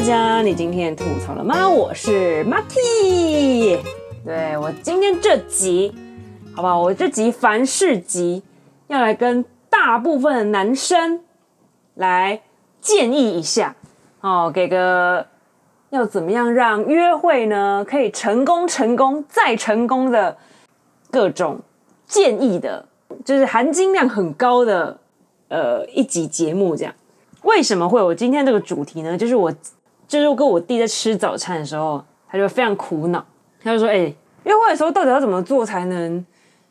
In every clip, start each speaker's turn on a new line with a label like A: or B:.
A: 大家，你今天吐槽了嗎？我是馬蒂。對，我今天這集，好吧，我這集凡事集要來跟大部分的男生來建議一下哦，給個要怎麼樣讓約會呢可以成功、成功再成功的各種建議的，就是含金量很高的呃一集節目。這樣，為什麼會有今天這個主題呢？就是我。就是跟我弟在吃早餐的時候，他就非常苦惱，他就說：“哎，約會的時候到底要怎麼做才能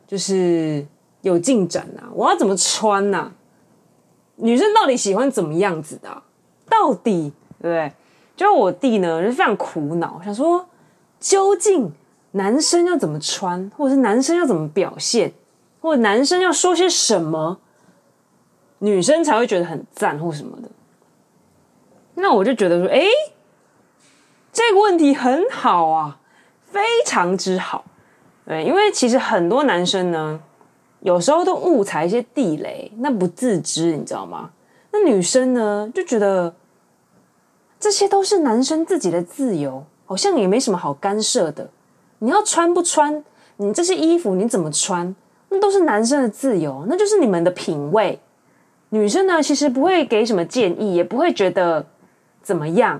A: 就是有進展啊，我要怎麼穿啊？女生到底喜歡怎麼樣子的啊？到底對不對？”就是我弟呢，就非常苦惱，想說究竟男生要怎麼穿，或者是男生要怎麼表現，或者男生要說些什麼，女生才會覺得很讚或什麼的。那我就覺得說，誒，這個問題很好啊，非常之好。對，因為其實很多男生呢，有時候都誤踩一些地雷，那不自知，你知道嗎？那女生呢，就覺得這些都是男生自己的自由，好像也沒什麼好干涉的。你要穿不穿，你這些衣服你怎麼穿，那都是男生的自由，那就是你們的品味。女生呢，其實不會給什麼建議，也不會覺得。怎麼樣？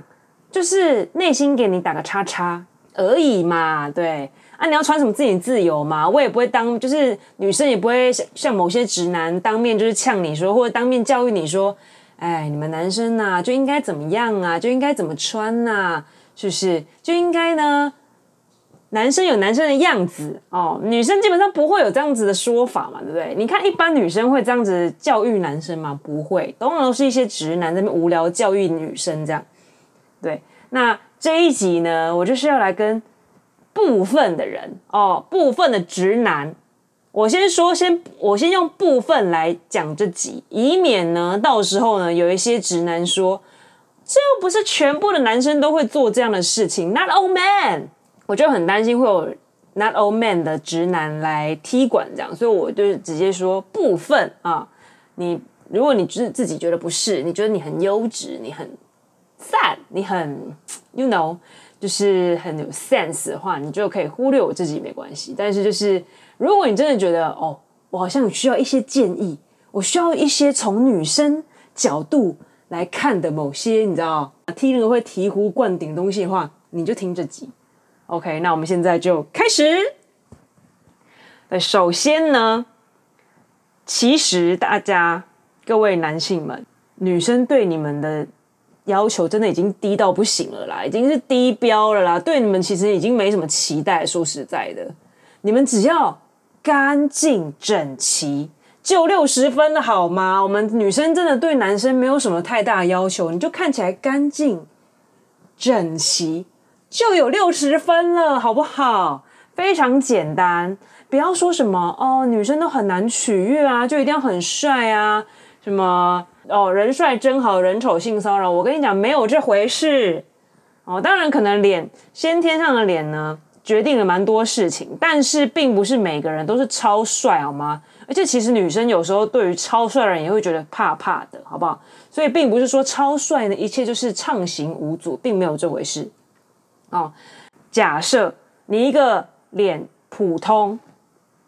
A: 就是內心給你打個叉叉而已嘛，對。啊，你要穿什麼自己自由嘛，我也不會當，就是女生也不會像某些直男當面就是嗆你說，或者當面教育你說，哎，你們男生吶就應該怎麼樣啊，就應該怎麼穿吶，是不是？就應該呢。男生有男生的樣子哦，女生基本上不會有這樣子的說法嘛，對不對？你看，一般女生會這樣子教育男生嗎？不會，通常都是一些直男在那邊無聊教育女生這樣。對，那這一集呢，我就是要來跟部分的人哦，部分的直男，我先說，先我先用部分來講這集，以免呢，到時候呢，有一些直男說，這又不是全部的男生都會做這樣的事情，Not all men。我就很擔心會有 not all men 的直男來踢館，這樣，所以我就直接說部分啊，你如果你是自己覺得不是，你覺得你很優質，你很 sad，你很 you know，就是很有 sense 的話，你就可以忽略我自己沒關係。但是就是如果你真的覺得哦，我好像需要一些建議，我需要一些從女生角度來看的某些你知道踢那個會醍醐灌頂東西的話，你就聽這集。OK，那我們現在就開始。首先呢，其實大家各位男性們，女生對你們的要求真的已經低到不行了啦，已經是低標了啦。對你們其實已經沒什麼期待，說實在的，你們只要乾淨整齊就六十分的好嗎？我們女生真的對男生沒有什麼太大的要求，你就看起來乾淨整齊。就有六十分了，好不好？非常簡單，不要說什麼哦，女生都很難取悅啊，就一定要很帥啊，什麼哦，人帥真好，人醜性騷擾，我跟你講沒有這回事哦。當然，可能臉先天上的臉呢，決定了蠻多事情，但是並不是每個人都是超帥，好嗎？而且其實女生有時候對於超帥的人也會覺得怕怕的，好不好？所以並不是說超帥呢，一切就是暢行無阻，並沒有這回事。哦，假設你一個臉普通、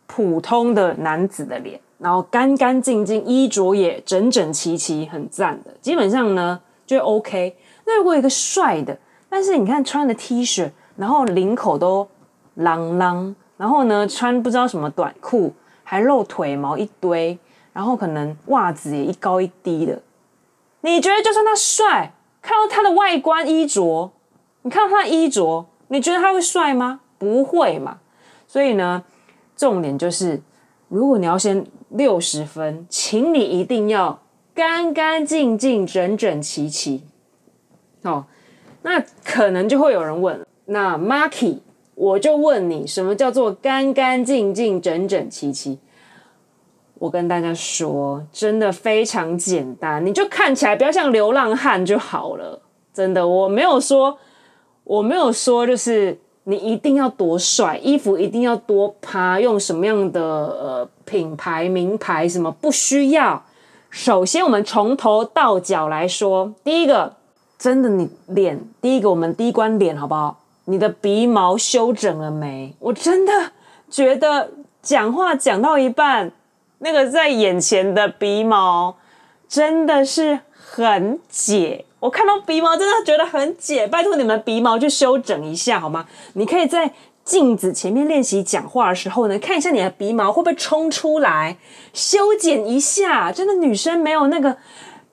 A: 普通的男子的臉，然後乾乾淨淨，衣着也整整齊齊，很讚的，基本上呢就 OK。那如果一個帥的，但是你看穿的 T 恤，然後領口都啷啷，然後呢穿不知道什麼短褲，還露腿毛一堆，然後可能襪子也一高一低的，你覺得就算他帥，看到他的外觀衣着？你看他衣着，你覺得他會帥嗎？不會嘛。所以呢，重點就是，如果你要先六十分，請你一定要乾乾淨淨、整整齊齊。哦，那可能就會有人問了，那 Marky，我就問你，什麼叫做乾乾淨淨、整整齊齊？我跟大家說，真的非常簡單，你就看起來不要像流浪漢就好了。真的，我沒有說。我沒有說，就是你一定要多帥，衣服一定要多趴，用什麼樣的呃品牌、名牌什麼，不需要。首先，我們從頭到腳來說，第一個，真的你臉，第一個我們第一關臉好不好？你的鼻毛修整了沒？我真的覺得講話講到一半，那個在眼前的鼻毛真的是很解。我看到鼻毛真的覺得很解，拜託你們鼻毛去修整一下好嗎？你可以在鏡子前面練習講話的時候呢，看一下你的鼻毛會不會衝出來，修剪一下。真的女生沒有那個，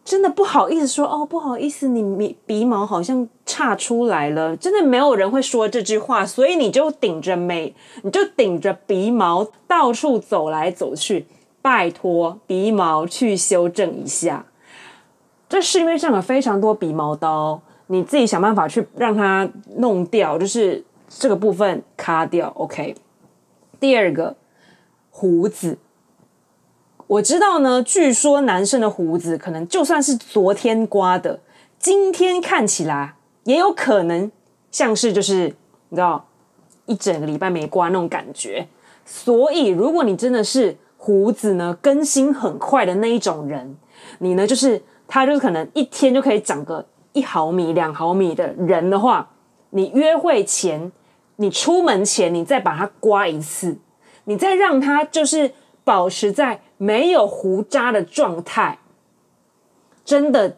A: 真的不好意思說哦，不好意思，你鼻鼻毛好像岔出來了。真的沒有人會說這句話，所以你就頂着美，你就頂着鼻毛到處走來走去。拜託鼻毛去修整一下。這是因為市面上有非常多鼻毛刀，你自己想辦法去讓它弄掉，就是這個部分卡掉。OK，第二個鬍子，我知道呢。據說男生的鬍子可能就算是昨天刮的，今天看起來也有可能像是就是你知道一整個禮拜沒刮那種感覺。所以如果你真的是鬍子呢更新很快的那一種人，你呢就是。它就可能一天就可以長個一毫米、兩毫米的人的話，你約會前、你出門前，你再把它刮一次，你再讓它就是保持在沒有鬍渣的狀態，真的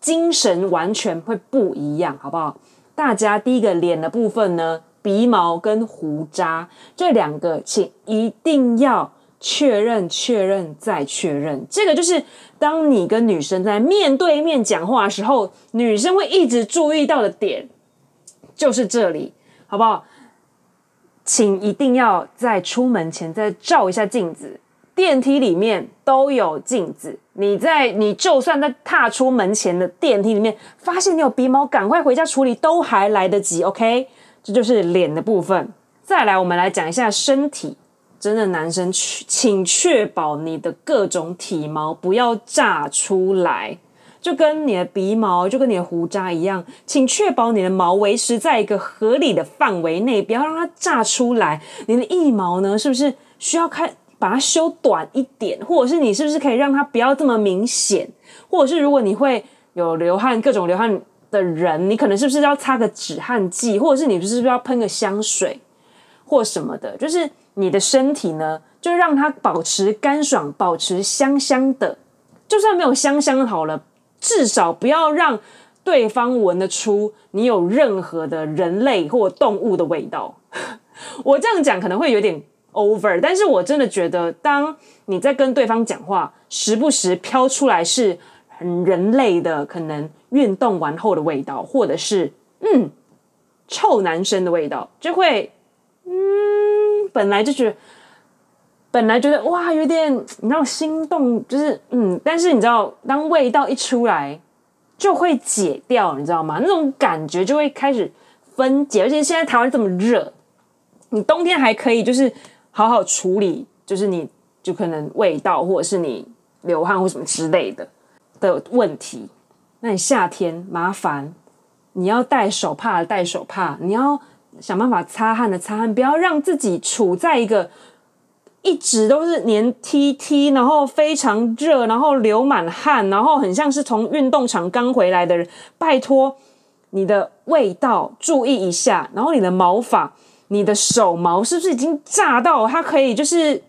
A: 精神完全會不一樣，好不好？大家第一個臉的部分呢，鼻毛跟鬍渣這兩個，請一定要。確認，確認，再確認。這個就是當你跟女生在面對面講話的時候，女生會一直注意到的點，就是這裡，好不好？請一定要在出門前再照一下鏡子。電梯裡面都有鏡子，你在，你就算在踏出門前的電梯裡面，發現你有鼻毛，趕快回家處理，都還來得及，OK？這就是臉的部分。再來，我們來講一下身體。真的男生，請確保你的各種體毛不要炸出來，就跟你的鼻毛，就跟你的鬍渣一樣，請確保你的毛維持在一個合理的範圍內，不要讓它炸出來。你的腋毛呢，是不是需要看把它修短一點，或者是你是不是可以讓它不要這麼明顯？或者是如果你會有流汗、各種流汗的人，你可能是不是要擦個止汗劑，或者是你是不是要噴個香水？或什麼的，就是你的身體呢，就讓它保持乾爽，保持香香的。就算沒有香香好了，至少不要讓對方聞得出你有任何的人類或動物的味道。 我這樣講可能會有點 over，但是我真的覺得，當你在跟對方講話，時不時飄出來是很人類的，可能運動完後的味道，或者是嗯，臭男生的味道，就會。嗯，本來就覺得，本來覺得哇，有點你知道心動，就是嗯，但是你知道，當味道一出來，就會解掉，你知道嗎？那種感覺就會開始分解。而且現在台灣這麼熱，你冬天還可以，就是好好處理，就是你就可能味道，或者是你流汗或什麼之類的的問題。那你夏天麻煩，你要戴手帕，戴手帕，你要。想辦法擦汗的擦汗，不要讓自己處在一個一直都是黏 TT，然後非常熱，然後流滿汗，然後很像是從運動場剛回來的人。拜託你的味道注意一下，然後你的毛髮，你的手毛是不是已經炸到，它可以就是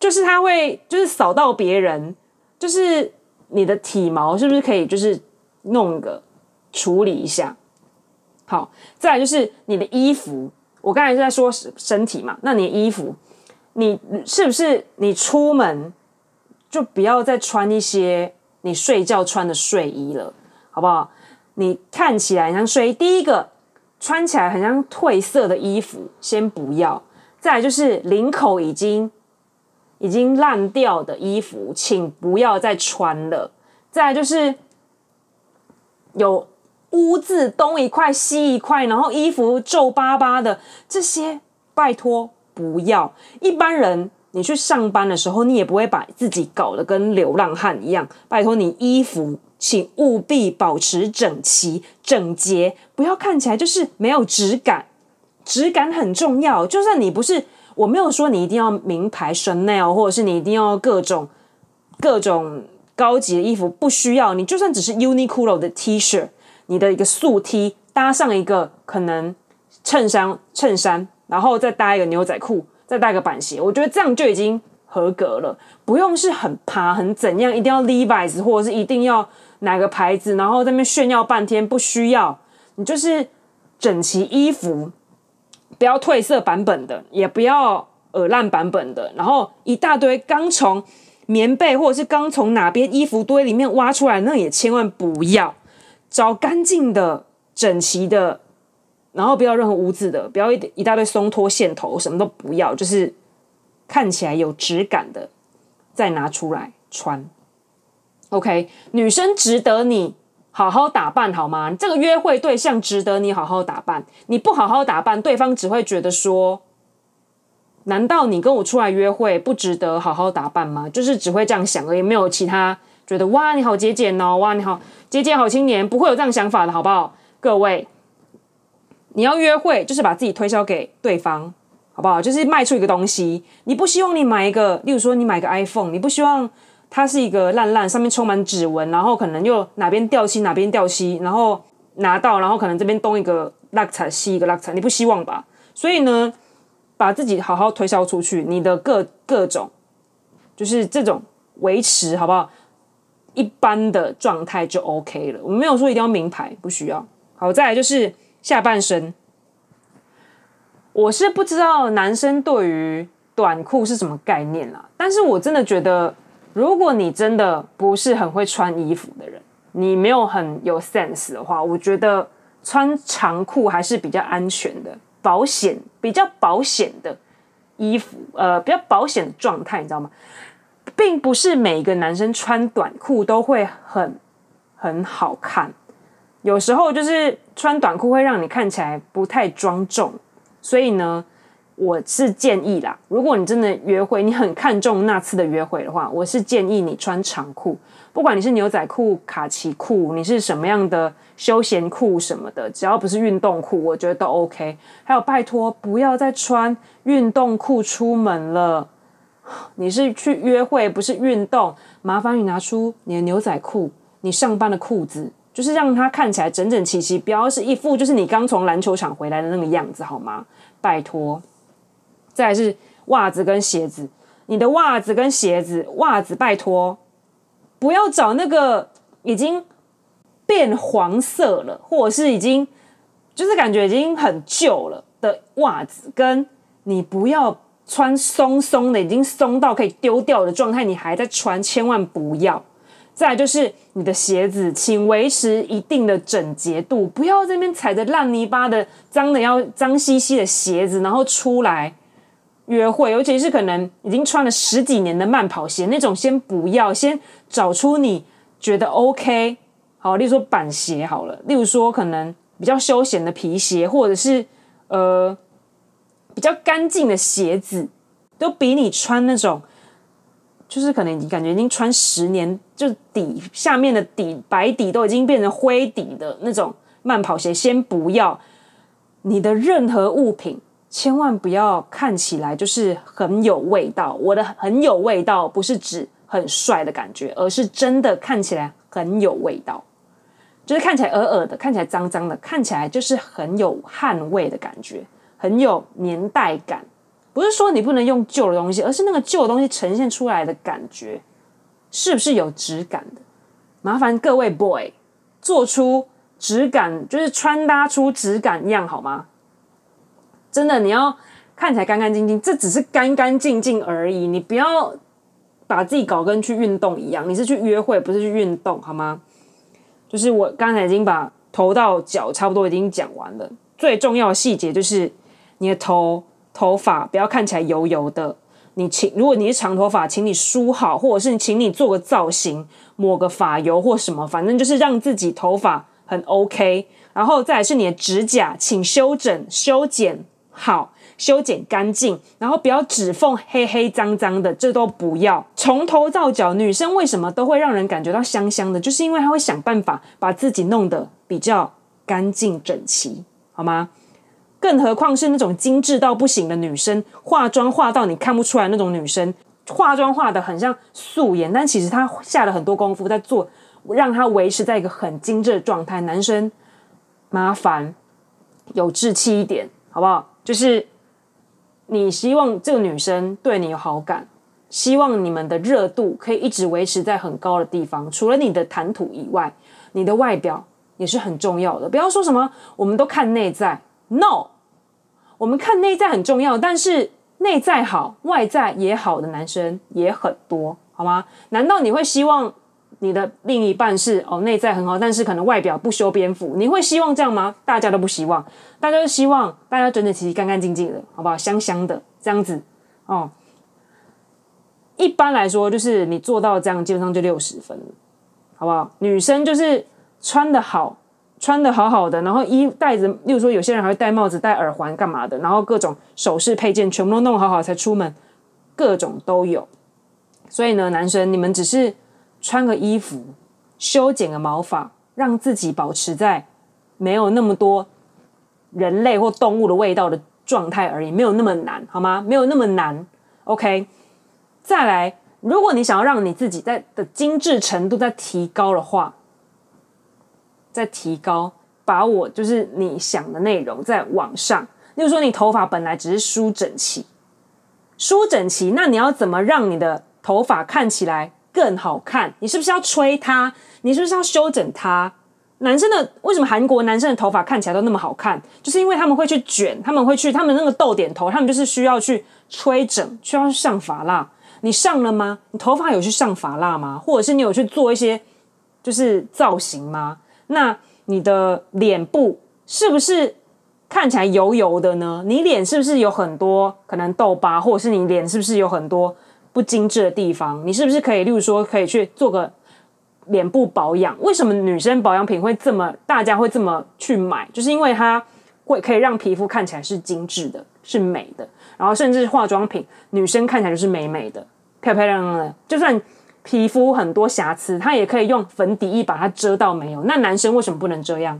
A: 就是它會就是掃到別人，就是你的體毛是不是可以就是弄個處理一下？好，再來就是你的衣服。我剛才是在說身體嘛，那你的衣服，你是不是你出門就不要再穿一些你睡覺穿的睡衣了，好不好？你看起來很像睡衣，第一個穿起來很像褪色的衣服，先不要。再來就是領口已經已經爛掉的衣服，請不要再穿了。再來就是有。污漬東一塊西一塊，然後衣服皺巴巴的，這些拜托不要。一般人你去上班的時候，你也不會把自己搞得跟流浪漢一樣。拜托你衣服，請務必保持整齊整潔，不要看起來就是沒有質感。質感很重要。就算你不是，我沒有說你一定要名牌 Chanel 或者是你一定要各種各種高級的衣服，不需要。你就算只是 Uniqlo 的 T 恤 -Shirt, 你的一個素 T 搭上一個可能襯衫襯衫，然後再搭一個牛仔褲，再搭一個板鞋，我覺得這樣就已經合格了。不用是很爬很怎樣，一定要 Levi's 或者是一定要哪個牌子，然後在那邊炫耀半天。不需要，你就是整齊衣服，不要褪色版本的，也不要耳爛版本的。然後一大堆剛從棉被或者是剛從哪邊衣服堆裡面挖出來，那也千萬不要。找乾淨的、整齊的，然後不要任何污漬的，不要一一大堆鬆脫線頭，什麼都不要，就是看起來有質感的，再拿出來穿。OK，女生值得你好好打扮，好嗎？這個約會對象值得你好好打扮。你不好好打扮，對方只會覺得說：難道你跟我出來約會不值得好好打扮嗎？就是只會這樣想而已，也沒有其他。覺得哇，你好節儉哦！哇，你好節儉好青年，不會有這樣想法的好不好？各位，你要約會就是把自己推銷給對方，好不好？就是賣出一個東西。你不希望你買一個，例如說你買個 iPhone，你不希望它是一個爛爛，上面充滿指紋，然後可能又哪邊掉漆，哪邊掉漆，然後拿到，然後可能這邊東一個 luck、er, 西一個 luck、er, 你不希望吧？所以呢，把自己好好推銷出去，你的各各種，就是這種維持，好不好？一般的狀態就 OK 了，我沒有說一定要名牌，不需要。好，再來就是下半身。我是不知道男生對於短褲是什麼概念啦，但是我真的覺得，如果你真的不是很會穿衣服的人，你沒有很有 sense 的話，我覺得穿長褲還是比較安全的，保險比較保險的衣服，呃，比較保險的狀態，你知道嗎？並不是每一個男生穿短褲都會很很好看，有時候就是穿短褲會讓你看起來不太莊重。所以呢，我是建議啦，如果你真的約會，你很看重那次的約會的話，我是建議你穿長褲。不管你是牛仔褲、卡其褲，你是什麼樣的休閒褲什麼的，只要不是運動褲，我覺得都 OK。還有，拜託不要再穿運動褲出門了。你是去約會，不是運動，麻煩你拿出你的牛仔褲，你上班的褲子，就是讓它看起來整整齊齊，不要是一副就是你剛從籃球場回來的那個樣子，好嗎？拜托。再來是襪子跟鞋子，你的襪子跟鞋子，襪子拜托，不要找那個已經變黃色了，或者是已經就是感覺已經很舊了的襪子，跟你不要。穿鬆鬆的，已經鬆到可以丟掉的狀態，你還在穿，千萬不要。再來就是你的鞋子，請維持一定的整潔度，不要這邊踩着爛泥巴的、髒的要髒兮兮的鞋子，然後出來約會。尤其是可能已經穿了十幾年的慢跑鞋那種，先不要，先找出你覺得 OK。好，例如說板鞋好了，例如說可能比較休閒的皮鞋，或者是呃、比較乾淨的鞋子，都比你穿那種，就是可能你感覺已經穿十年，就是底下面的底白底都已經變成灰底的那種慢跑鞋，先不要。你的任何物品，千萬不要看起來就是很有味道。我的很有味道，不是指很帥的感覺，而是真的看起來很有味道，就是看起來耳耳的，看起來髒髒的，看起來就是很有汗味的感覺。很有年代感，不是說你不能用舊的東西，而是那個舊的東西呈現出來的感覺，是不是有質感的？麻煩各位 boy 做出質感，就是穿搭出質感一樣好嗎？真的，你要看起來乾干淨淨，這只是干干淨淨而已，你不要把自己搞跟去運動一樣，你是去約會，不是去運動好嗎？就是我剛才已經把頭到腳差不多已經講完了，最重要的細節就是。你的頭頭髮不要看起來油油的。你請，如果你是長頭髮，請你梳好，或者是請你做個造型，抹個髮油或什麼，反正就是讓自己頭髮很 OK。然後再來是你的指甲，請修整、修剪好、修剪乾淨，然後不要指縫黑黑髒髒的，這都不要。從頭到腳，女生為什麼都會讓人感覺到香香的？就是因為她會想辦法把自己弄得比較乾淨整齊，好嗎？更何況是那種精緻到不行的女生，化妝化到你看不出來那種女生，化妝化的很像素顏，但其實她下了很多功夫在做，讓她維持在一個很精緻的狀態。男生麻煩有志氣一點，好不好？就是你希望這個女生對你有好感，希望你們的熱度可以一直維持在很高的地方。除了你的談吐以外，你的外表也是很重要的。不要說什麼，我們都看內在。No，我們看內在很重要，但是內在好、外在也好的男生也很多，好嗎？難道你會希望你的另一半是哦內在很好，但是可能外表不修邊幅？你會希望這樣嗎？大家都不希望，大家就希望大家整整齊齊乾乾淨淨的，好不好？香香的這樣子哦。一般來說，就是你做到這樣，基本上就六十分了，好不好？女生就是穿的好。穿得好好的，然後衣戴著，例如說有些人還會戴帽子、戴耳環幹嘛的，然後各種首飾配件全部都弄好好才出門，各種都有。所以呢，男生你們只是穿個衣服、修剪個毛髮，讓自己保持在沒有那麼多人類或動物的味道的狀態而已，沒有那麼難，好嗎？沒有那麼難。OK，再來，如果你想要讓你自己在的精緻程度再提高的話。再提高，把我就是你想的內容再往上。例如說，你頭髮本來只是梳整齊，梳整齊，那你要怎麼讓你的頭髮看起來更好看？你是不是要吹它？你是不是要修整它？男生的，為什麼韓國男生的頭髮看起來都那麼好看？就是因為他們會去捲，他們會去，他們那個逗點頭，他們就是需要去吹整，需要去上髮蠟。你上了嗎？你頭髮有去上髮蠟嗎？或者是你有去做一些就是造型嗎？那你的臉部是不是看起來油油的呢？你臉是不是有很多可能痘疤，或者是你臉是不是有很多不精緻的地方？你是不是可以，例如說可以去做個臉部保養？為什麼女生保養品會這麼大家會這麼去買？就是因為它會可以讓皮膚看起來是精緻的，是美的，然後甚至化妝品女生看起來就是美美的、漂漂亮亮的，就算。皮膚很多瑕疵，他也可以用粉底液把它遮到沒有。那男生為什麼不能這樣？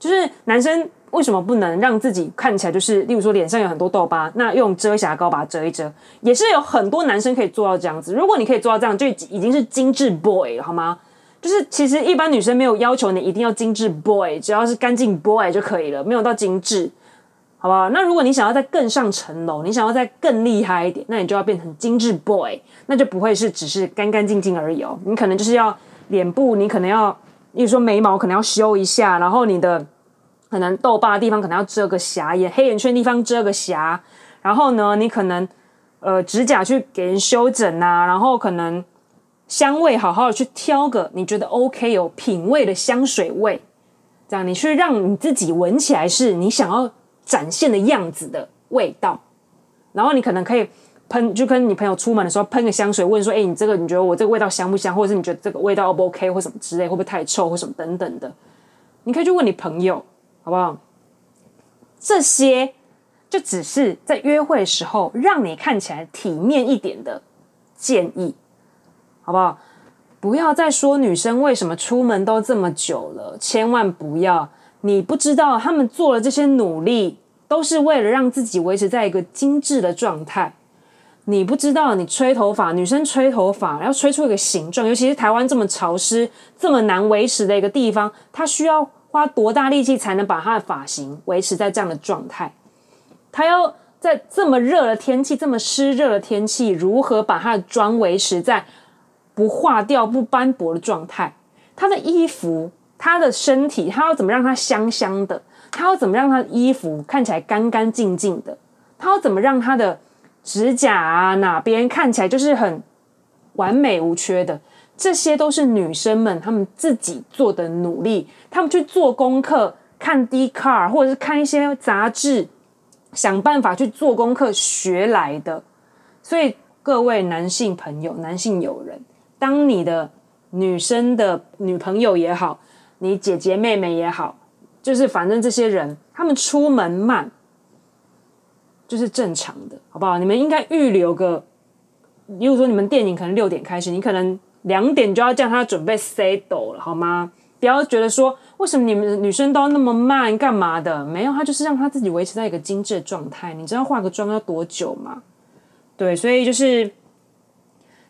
A: 就是男生為什麼不能讓自己看起來就是，例如說臉上有很多痘疤，那用遮瑕膏把它遮一遮，也是有很多男生可以做到這樣子。如果你可以做到這樣，就已經是精致 boy 了，好嗎？就是其實一般女生沒有要求你一定要精致 boy，只要是乾淨 boy 就可以了，沒有到精致。好不好？那如果你想要再更上層樓，你想要再更厲害一點，那你就要變成精致 boy，那就不會是只是乾乾淨淨而已哦。你可能就是要臉部，你可能要，比如說眉毛可能要修一下，然後你的可能痘疤的地方可能要遮個瑕，眼黑眼圈的地方遮個瑕，然後呢，你可能呃指甲去給人修整啊，然後可能香味好好的去挑個你覺得 OK 有品味的香水味，這樣你去讓你自己聞起來是你想要。展現的樣子的味道，然後你可能可以噴，就跟你朋友出門的時候噴個香水，問說：“哎，你這個你覺得我這個味道香不香？或者是你覺得這個味道 O 不 OK，或什麼之類，會不會太臭或什麼等等的？你可以去問你朋友，好不好？這些就只是在約會的時候讓你看起來體面一點的建議，好不好？不要再說女生為什麼出門都這麼久了，千萬不要。”你不知道他們做了這些努力，都是為了讓自己維持在一個精緻的狀態。你不知道你吹頭髮，女生吹頭髮要吹出一個形狀，尤其是台灣這麼潮濕、這麼難維持的一個地方，她需要花多大力氣才能把她的髮型維持在這樣的狀態？她要在這麼熱的天氣、這麼濕熱的天氣，如何把她的妝維持在不化掉、不斑駁的狀態？她的衣服。他的身體，他要怎麼讓他香香的？他要怎麼讓他的衣服看起來乾乾淨淨的？他要怎麼讓他的指甲啊，哪邊看起來就是很完美無缺的？這些都是女生們她們自己做的努力，她們去做功課，看 Dcard 或者是看一些雜誌，想辦法去做功課學來的。所以各位男性朋友、男性友人，當你的女生的女朋友也好，你姐姐妹妹也好，就是反正這些人，他們出門慢，就是正常的，好不好？你們應該預留個，比如說你們電影可能六點開始，你可能兩點就要叫他準備 set 斗了，好嗎？不要覺得說為什麼你們女生都那麼慢，幹嘛的？沒有，他就是讓他自己維持在一個精致的狀態。你知道化個妝要多久嗎？對，所以就是。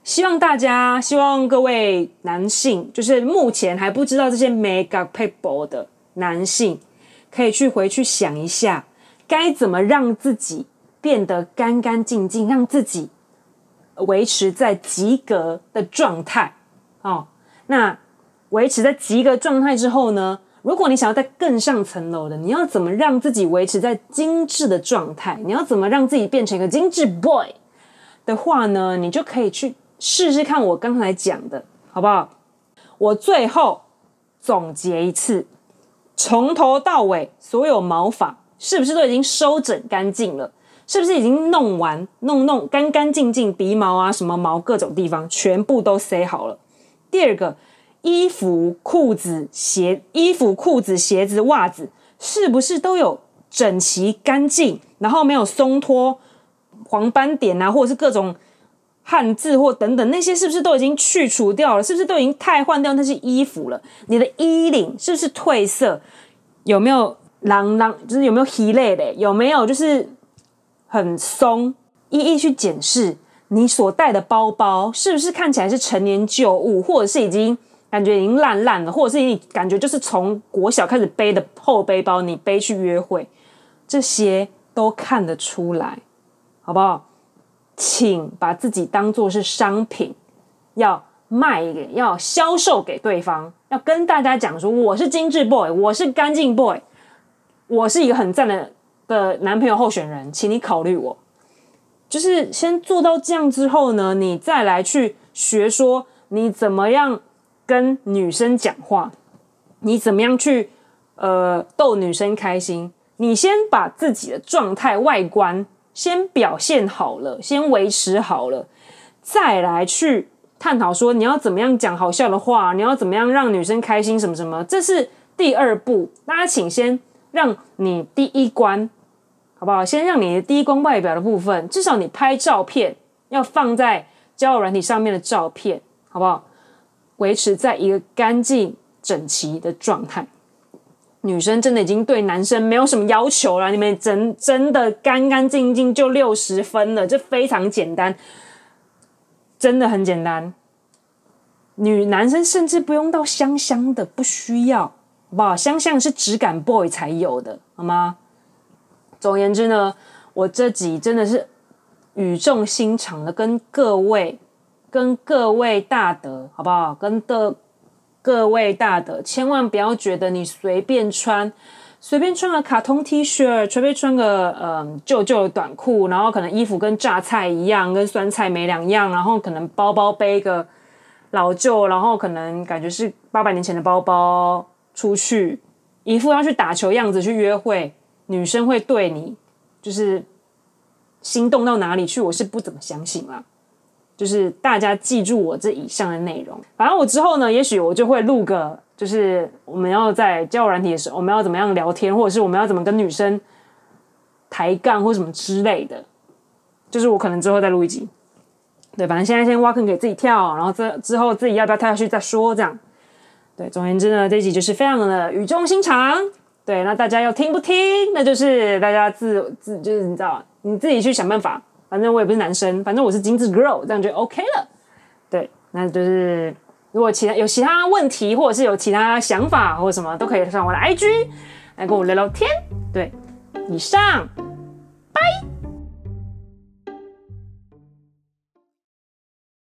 A: 希望大家，希望各位男性，就是目前還不知道這些美感撇步的男性，可以去回去想一下，該怎麼讓自己變得乾乾淨淨，讓自己維持在及格的狀態。哦，那維持在及格狀態之後呢？如果你想要再更上層樓的，你要怎麼讓自己維持在精致的狀態？你要怎麼讓自己變成一個精致 boy 的話呢？你就可以去。試試看我剛才講的好不好？我最後總結一次，從頭到尾所有毛髮是不是都已經收整乾淨了？是不是已經弄完弄弄乾干淨淨？鼻毛啊，什麼毛，各種地方全部都塞好了。第二個，衣服、褲子、鞋、衣服、褲子、鞋子、襪子，是不是都有整齊乾淨，然後沒有鬆脫、黃斑點啊，或者是各種。漢字或等等那些是不是都已經去除掉了？是不是都已經太換掉那些衣服了？你的衣領是不是褪色？有沒有狼狼？就是有沒有稀爛的？有沒有就是很鬆？一一去檢視你所帶的包包，是不是看起來是陳年舊物，或者是已經感覺已經爛爛了，或者是你感覺就是從國小開始背的後背包，你背去約會，這些都看得出來，好不好？請把自己當做是商品，要賣給、要銷售給對方，要跟大家講說，我是精致 boy，我是乾淨 boy，我是一個很讚的的男朋友候選人，請你考慮我。就是先做到這樣之後呢，你再來去學說你怎麼樣跟女生講話，你怎麼樣去呃逗女生開心。你先把自己的狀態、外觀。先表現好了，先維持好了，再來去探討說你要怎麼樣講好笑的話，你要怎麼樣讓女生開心什麼什麼，這是第二步。大家請先讓你第一關，好不好？先讓你的第一關外表的部分，至少你拍照片要放在交友軟體上面的照片，好不好？維持在一個乾淨整齊的狀態。女生真的已經對男生沒有什麼要求了，你們真真的乾乾淨淨就六十分了，這非常簡單，真的很簡單。女男生甚至不用到香香的，不需要，好不好？香香是質感 boy 才有的，好嗎？總而言之呢，我這集真的是語重心長的跟各位，跟各位大德，好不好？跟的。各位大的，千萬不要覺得你隨便穿，隨便穿個卡通 T 恤，隨便穿個嗯舊舊的短褲，然後可能衣服跟榨菜一樣，跟酸菜沒兩樣，然後可能包包背一個老舊，然後可能感覺是八百年前的包包出去，一副要去打球樣子去約會，女生會對你就是心動到哪裡去？我是不怎麼相信啦。就是大家記住我這以上的內容，反正我之後呢，也許我就會錄個，就是我們要在交友軟體的時候，我們要怎麼樣聊天，或者是我們要怎麼跟女生抬槓或什麼之類的，就是我可能之後再錄一集。對，反正現在先挖坑給自己跳，然後這之後自己要不要跳下去再說，這樣。對，總而言之呢，這集就是非常的語重心長。對，那大家要聽不聽？那就是大家自自就是你知道，你自己去想辦法。反正我也不是男生，反正我是精緻 girl，這樣就 OK 了。對，那就是如果其他有其他問題，或者是有其他想法或者什麼，都可以上我的 IG 來跟我聊聊天。對，以上，拜。